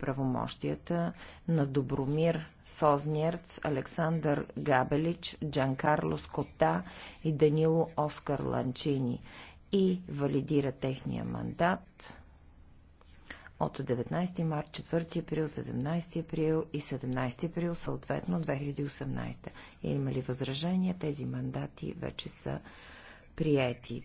правомощията на Добромир Сознерц, Александър Габелич, Джанкарло Скота и Данило Оскар Ланчини и валидира техния мандат от 19 март, 4 април, 17 април и 17 април, съответно 2018. Има ли възражения? Тези мандати вече са приети.